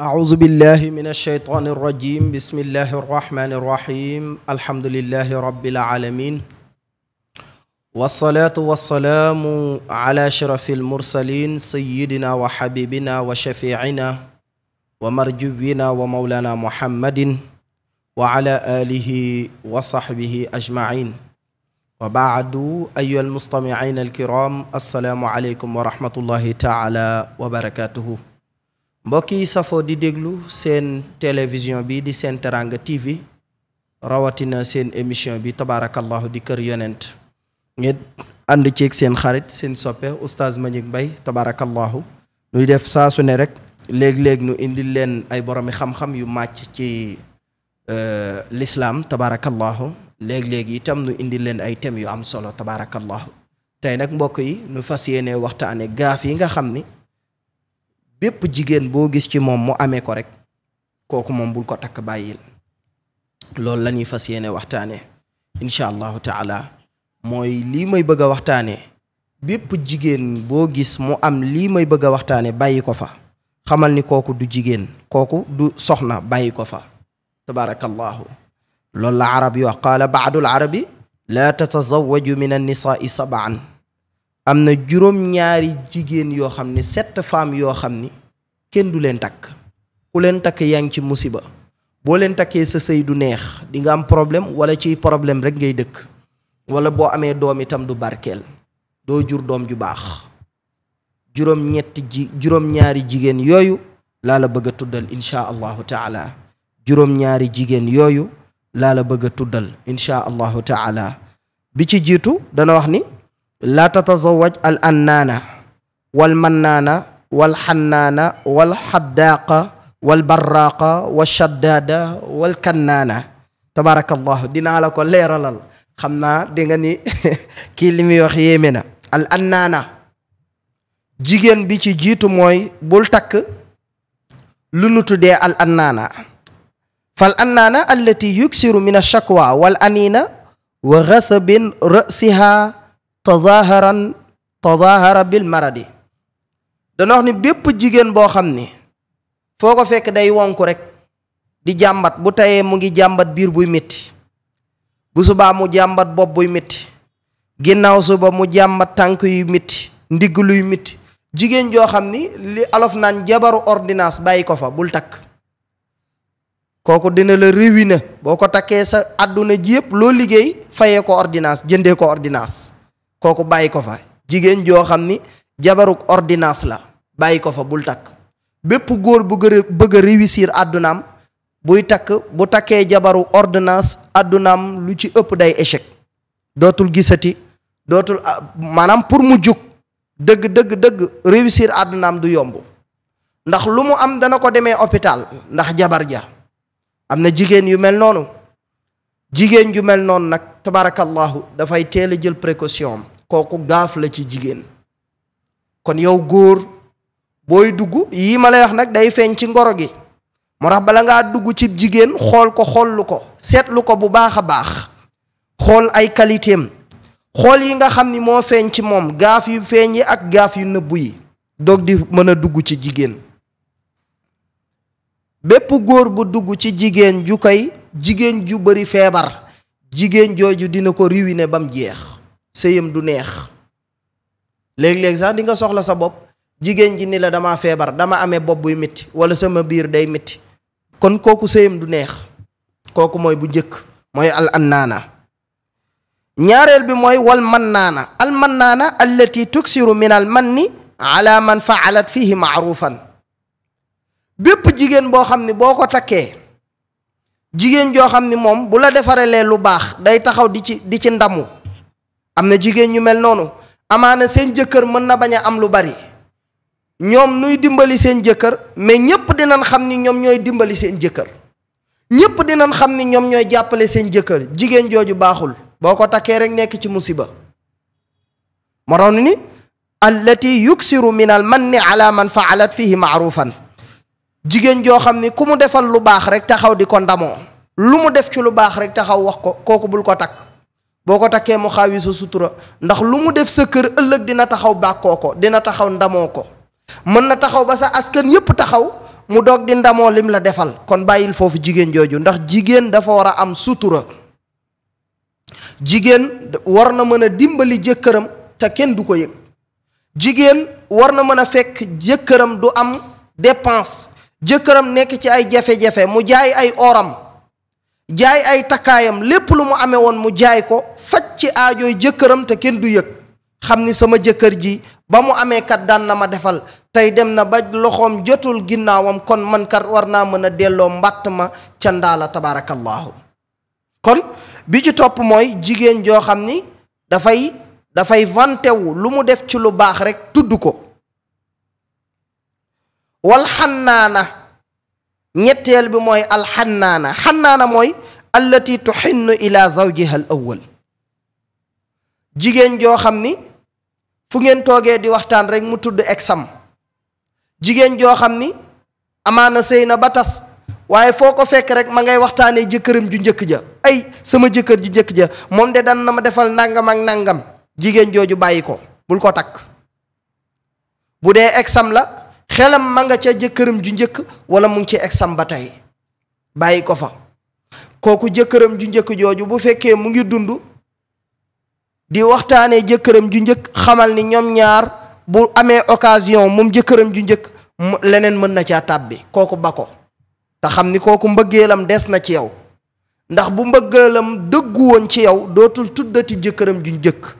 أعوذ بالله من الشيطان الرجيم بسم الله الرحمن الرحيم الحمد لله رب العالمين والصلاة والسلام على شرف المرسلين سيدنا وحبيبنا وشفيعنا ومرجونا ومولانا محمد وعلى آله وصحبه أجمعين وبعد أيها المستمعين الكرام السلام عليكم ورحمة الله تعالى وبركاته mbokk yi safoo di déglu seen télévision bi di seen teranga tv rawatina seen émission bi tabaarakallahu di kër yonent ngeen ànd ceeg seen xarit seen soppe oustaz Mbagnick Mbaye tabaarakallahu nuy def saasu ne rek léeg-léeg nu indil leen ay boromi xam-xam yu màcc ci euh, lislaam tabaarakallahu léeg-léeg itam nu indil leen ay thèmes yu am solo tabaarakallahu tey nag mbokk yi nu fas yéene waxtaane gaaf yi nga xam ni bépp jigéen boo gis ci moom mu amee ko rek kooku moom bul ko takk bàyyil loolu la ñuy fas yéene waxtaanee incha allahu taala mooy lii may bëgg a waxtaanee bépp jigéen boo gis mu am lii may bëgg a waxtaanee bàyyi ko fa xamal ni kooku du jigéen kooku du soxna bàyyi ko fa tabarakallahu loolu la arab yi wax qaala baadul arabi laa tatazawaju min annisaai sabaan am na juróom-ñaari jigéen yoo xam ne sept femmes yoo xam ni kenn du leen takk ku leen takk yaa ngi ci musiba boo leen takkee sa sëy du neex di nga am problème wala ci problème rek ngay dëkk wala boo amee doom itam du barkeel doo jur doom ju baax juróom-ñetti ji juróom-ñaari jigéen yooyu laa la bëgg tuddal inchaa allahu taala juróom jigéen yooyu laa la bëgg tuddal inchaa taala bi ci jiitu dana wax ni laa tatazawaj al annaana wal mannaana wal xannaana wal xaddaaqa wal barraaqa wal shaddaada wal kannaana tabaarakallahu dinaa la ko leeralal xam naa di nga ni kii li muy wax yéeme na jigéen bi ci jiitu mooy bul takk lu nu tuddee al annaana fal annaana min ashakwa wal aniina wa ghasabin rasiha tadaharan tadahara bil maradi dana wax ni bépp jigéen boo xam ni foo ko fekk day wonk rek di jàmbat bu tayee mu ngi jàmbat biir buy métti bu subaa mu jàmbat bopp buy métti ginnaaw suba mu jàmbat tànk yu métti ndigg luy métti jigéen joo xam ni li alof naan jabaru ordinance bàyyi ko fa bul takk kooku dina la réwi na boo ko takkee sa àdduna ji yëpp loo liggéey fayee ko ordonnance jëndee ko ordonnance kooku bàyyi ko fa jigéen joo xam ni jabaruk ordinance la bàyyi ko fa bul takk bépp góor bu gë bëgg réussir àddunaam buy takk bu takkee jabaru ordinance àddunaam lu ci ëpp day échec dootul gisati dootul ah, maanaam pour mu jug dëgg dëgg dëgg réussir àddunaam du yomb ndax lu mu am dana ko demee hôpital ndax jabar ja am na jigéen yu mel noonu jigéen ju mel noonu nag tabarakallahu dafay teel a jël précotion kooku gaaf la ci jigéen kon yow góor booy dugg yii ma lay wax nag day feeñ ci ngoro gi moo tax bala ngaa dugg ci jigéen xool ko xoollu ko seetlu ko bu baax a baax xool ay qualité xool yi nga xam ni moo feeñ ci moom gaaf yu feeñ yi ak gaaf yu nëbbu yi doog di mën a dugg ci jigéen bépp góor bu dugg ci jigéen ju koy jigéen ju bari feebar jigéen jooju dina ko ruiner bam jeex sëyam du neex léeg-léeg sax di nga soxla sa bopp jigéen ji ni la dama feebar dama amee bopp buy métti wala sama biir day métti kon kooku sëyam du neex kooku mooy bu njëkk mooy al annaana ñaareel bi mooy wal mannaana al mannaana allati tuksiru minal man ni ala man faalat fihi maarufan bépp jigéen boo xam ne boo ko takkee jigéen joo xam ni moom bu la defarelee lu baax day taxaw di ci di ci ndamu am na jigéen ñu mel noonu amaana seen jëkkër mën na bañ a am lu bari ñoom nuy dimbali seen jëkkër mais ñépp dinañ xam ni ñoom ñooy dimbali seen jëkkër ñépp dinañ xam ni ñoom ñooy jàppale seen jëkkër jigéen jooju baaxul boo ko takkee rekk nekk ci musiba moroon ni allati yuksiru min al ni ala man faalat fihi maarufan jigéen joo xam ni ku mu defal lu baax rek taxaw di ko ndamoo lu mu def ci lu baax rek taxaw wax ko kooku bul ko takk boo ko takkee mu xaawi sa sutura ndax lu mu def sa kër ëllëg dina taxaw bàkkoo ko dina taxaw ndamoo ko mën na taxaw ba sa askan yépp taxaw mu doog di ndamoo lim la defal kon bàyyil foofu jigéen jooju ndax jigéen dafa war a am sutura jigéen war na mën a dimbali jëkkëram te kenn du ko yëg jigéen war na mën a fekk jëkkëram du am dépense jëkkëram nekk ci ay jafe-jafe mu jaay ay oram jaay ay takkaayam lépp lu mu amee woon mu jaay ko faj ci aajooy jëkkëram te kenn du yëg xam ni sama jëkkër ji ba mu amee kat daan na ma defal tey dem na ba loxoom jotul ginnaawam kon man war naa mën a delloo mbàtt ma ca ndaala tabaarakallaahu kon bi ci topp mooy jigéen joo xam ni dafay dafay vantewu lu mu def ci lu baax rekk tudd ko wal xannaana ñetteel bi mooy alxannaana xannaana mooy allati tuxinnu ila zawjiha al awwal jigéen joo xam ni fu ngeen toogee di waxtaan rek mu tudd exam jigéen joo xam ni amaana sëy na ba tas waaye foo ko fekk rek ma ngay waxtaanee jëkkëram ju njëkk ja ay sama jëkkër ju njëkk ja moom de dan na ma defal nangam ak nangam jigéen jooju bàyyi ko bul ko takk bu dee exam la xelam ma nga ca jëkkëram ju njëkk wala mu ngi ci exam ba tey bàyyi ko fa kooku jëkkëram ju njëkk jooju bu fekkee mu ngi dund di waxtaanee jëkkëram ju njëkk xamal ni ñoom ñaar bu amee occasion moom jëkkëram ju njëkk leneen mën na caa bi kooku ba ko te xam ni kooku mbëggeelam des na ci yow ndax bu mbëggeelam dëggu woon ci yow dootul tuddati jëkkëram ju njëkk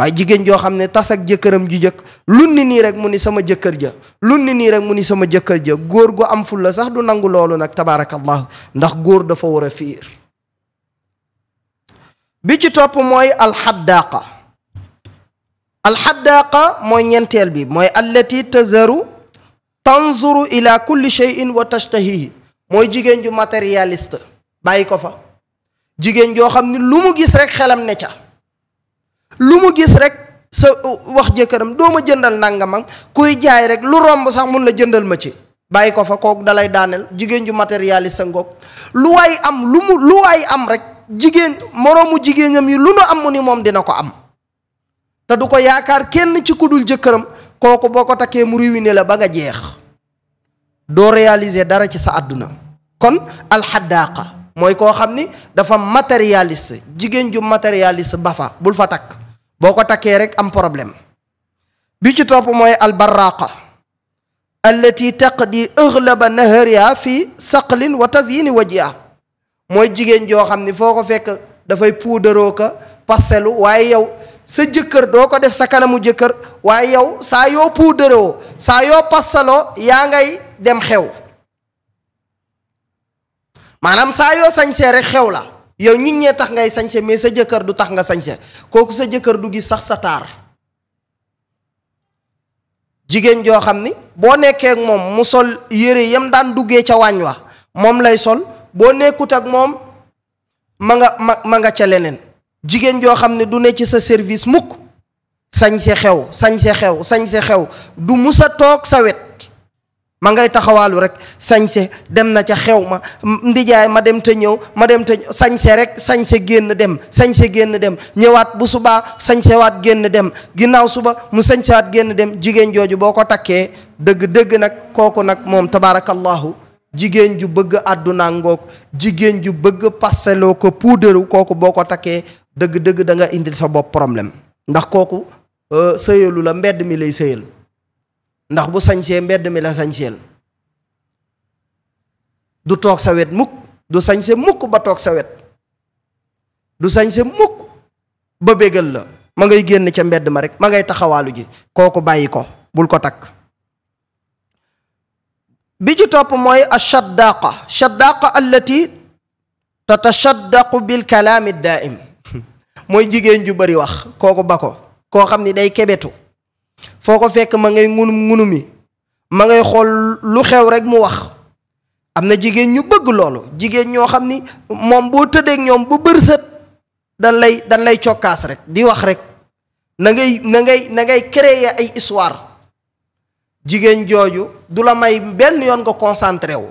waaye jigéen joo xam ne tas ak jëkkëram ju jëkk lu ni nii rek mu ni sama jëkkër ja lu ni nii rek mu ni sama jëkkër ja góor gu am fulla sax du nangu loolu nag tabaarakallah ndax góor dafa war a fiir bi ci topp mooy alxaddaaqa alxaddaaqa mooy ñenteel bi mooy allati tazaru tanzuru ila kulli shay'in wa tashtahihi mooy jigéen ju matérialiste bàyyi ko fa jigéen joo xam ni lu mu gis rek xelam ne ca lu mu gis rek sa uh, wax jëkkëram doo ma jëndal nangamam kuy jaay rek lu romb sax mun la jëndal ma ci bàyyi ko fa kooku dalay daaneel jigéen ju matérialiste sa ngoog lu waay am lu lu waay am rek jigéen moroomu jigéenam yi lu nu am ni moom dina ko am te du ko yaakaar kenn ci kudul jëkkëram kooku boo ko takkee mu ruiné la ba nga jeex doo réaliser dara ci sa àdduna kon alxadaaqa mooy koo xam ni dafa matérialiste jigéen ju matérialiste ba fa bul fa takk boo ko takkee rek am problème bi ci topp mooy albaraqa allati di ëglaba nahariha fi saqlin wa tasyini wajhiha mooy jigéen joo xam ni foo ko fekk dafay puudaroo ko parcelu waaye yow sa jëkkër doo ko def sa kanamu jëkkër waaye yow saa yoo puudaroo saa yoo parceloo yaa ngay dem xew maanaam saa yoo sañsee rek xew la yow nit ñee tax ngay sañse mais sa jëkkër du tax nga sañse kooku sa jëkkër du gis sax sa taar jigéen joo xam ni boo nekkee ak moom mu sol yére yam daan duggee ca waañ wa moom lay sol boo nekkut ak moom ma nga ma nga ca leneen jigéen joo xam ne du ne ci sa service mukk sañse xew sañse xew sañse xew du musa toog sa wet ma ngay taxawaalu rek sañse dem na ca xew ma ndijaay ma dem te ñëw ma dem te sañse rek sañse génn dem sañse génn dem ñëwaat bu subaa sañsewaat génn dem ginnaaw suba mu sañsewaat génn dem jigéen jooju boo ko takkee dëgg-dëgg nag kooku nag moom tabaarakallahu jigéen ju bëgg àdduna ngoog jigéen ju bëgg passeloo ko puudaru kooku boo ko takkee dëgg-dëgg da nga indil sa bopp problème ndax kooku euh, sëyalu la mbedd mi lay sëyal ndax bu sañsee mbedd mi la sañseel du toog sa wet mukk du sañse mukk ba toog sa wet du sañse mukk ba bégal la ma ngay génn ca mbedd ma rek ma ngay taxawaalu ji kooku bàyyi ko bul ko takk bi ci topp mooy ashaddaqa shaddaqa allati tatashaddaqu bil kalaami daaim mooy jigéen ju bari wax kooku ba ko koo xam ni day kebetu foo ko fekk ma ngay ngunum ngunumi ma ngay xool lu xew rek mu wax am na jigéen ñu bëgg loolu jigéen ñoo xam ni moom boo tëddeeg ñoom bu bërsët dan lay dan lay cokkaas rek di wax rek na ngay na ngay na ngay créer ay histoire jigéen jooju du la may benn yoon ko concentré wu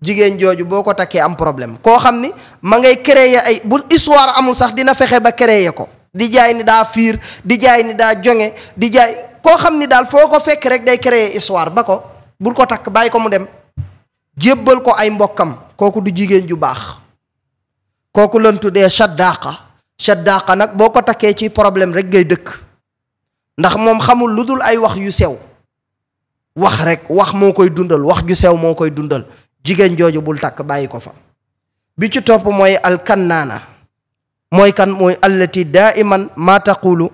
jigéen jooju boo ko takkee am problème koo xam ni ma ngay créer ay bu histoire amul sax dina fexe ba créer ko di jaay ni daa fiir di jaay ni daa jonge di jaay koo xam ni daal foo ko fekk rek day créer histoire ba ko bul ko takk bàyyi ko mu dem jébbal ko ay mbokkam kooku du jigéen ju baax kooku lan tuddee shaddaqa shaddaqa nag boo ko takkee ci problème rek ngay dëkk ndax moom xamul lu dul ay wax yu sew wax rek wax moo koy dundal wax ju sew moo koy dundal jigéen jooju bul takk bàyyi ko fa bi ci topp mooy alkannaana mooy kan mooy allati daiman ma taqulu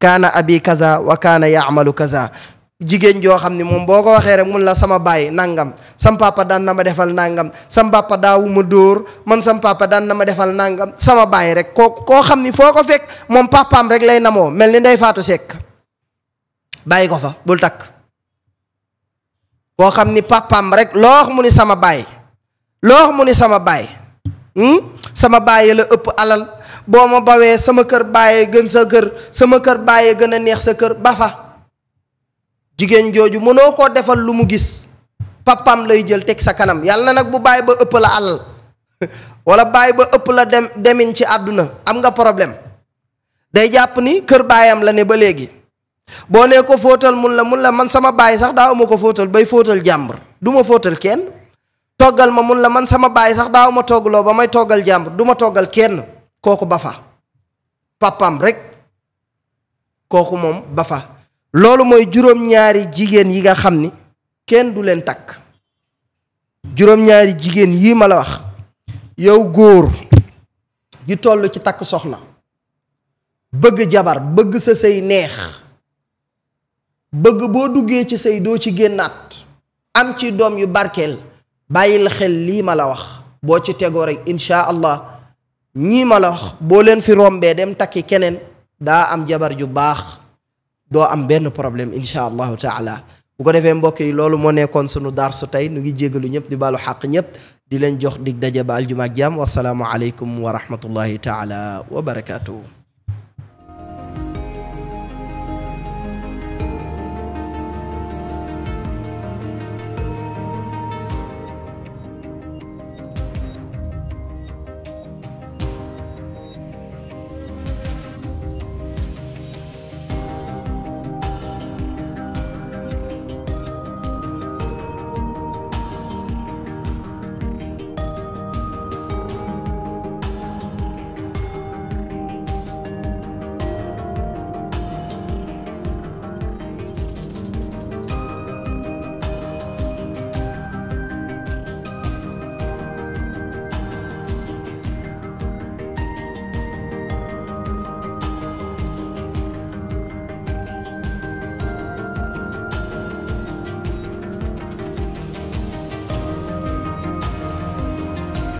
kaana abi kaza wa kaana yaamalu kaza jigéen joo xam ne moom boo ko waxee rek mun la sama baay nangam sam daan na ma defal nangam sam papa ma dóor man sam daan na ma defal nangam sama baay rek koo koo xam ni foo ko fekk moom papaam rek lay namoo mel ni ndey faatu sekk bàyyi ko fa bul takk koo xam ni papam rek loo wax mu ni sama baay loo wax mu ni sama baay hmm? sama baay la ëpp alal boo ma bawee sama kër bàyyee gën sa kër sama kër bàyyee gën a neex sa kër ba fa jigéen jooju mënoo koo defal lu mu gis papam lay jël teg sa kanam yàlla nag bu bàyyi ba ëpp la alal wala bàyyi ba ëpp la dem demin ci àdduna am nga problème day jàpp ni kër baayam la ne ba léegi boo nee ko fóotal mun la mun la man sama baay sax daaw ma ko fóotal bay fóotal jàmbur du ma fóotal kenn toggal ma mun la man sama baay sax daaw ma toggaloo ba may toggal jàmbur du ma toggal kenn kooku bafa papam rek kooku moom bafa loolu mooy juróom-ñaari jigéen yi nga xam ni kenn du leen takk juróom-ñaari jigéen yii ma la wax yow góor gi toll ci takk soxna bëgg jabar bëgg sa sëy neex bëgg boo duggee ci sëy doo ci génnaat am ci doom yu barkeel bàyyil xel lii ma la wax boo ci tegoo rek incha allah ñii ma wax boo leen fi rombee dem takki keneen daa am jabar ju baax doo am benn problème incha allahu taala bu ko defee mbokk yi loolu moo nekkoon sunu darsu tey nu ngi jégalu ñëpp di baalu xàq ñëpp di leen jox dig daje ba aljuma ak jàmm wasalaamu aleykum wa rahmatullahi taala wa barakaatu.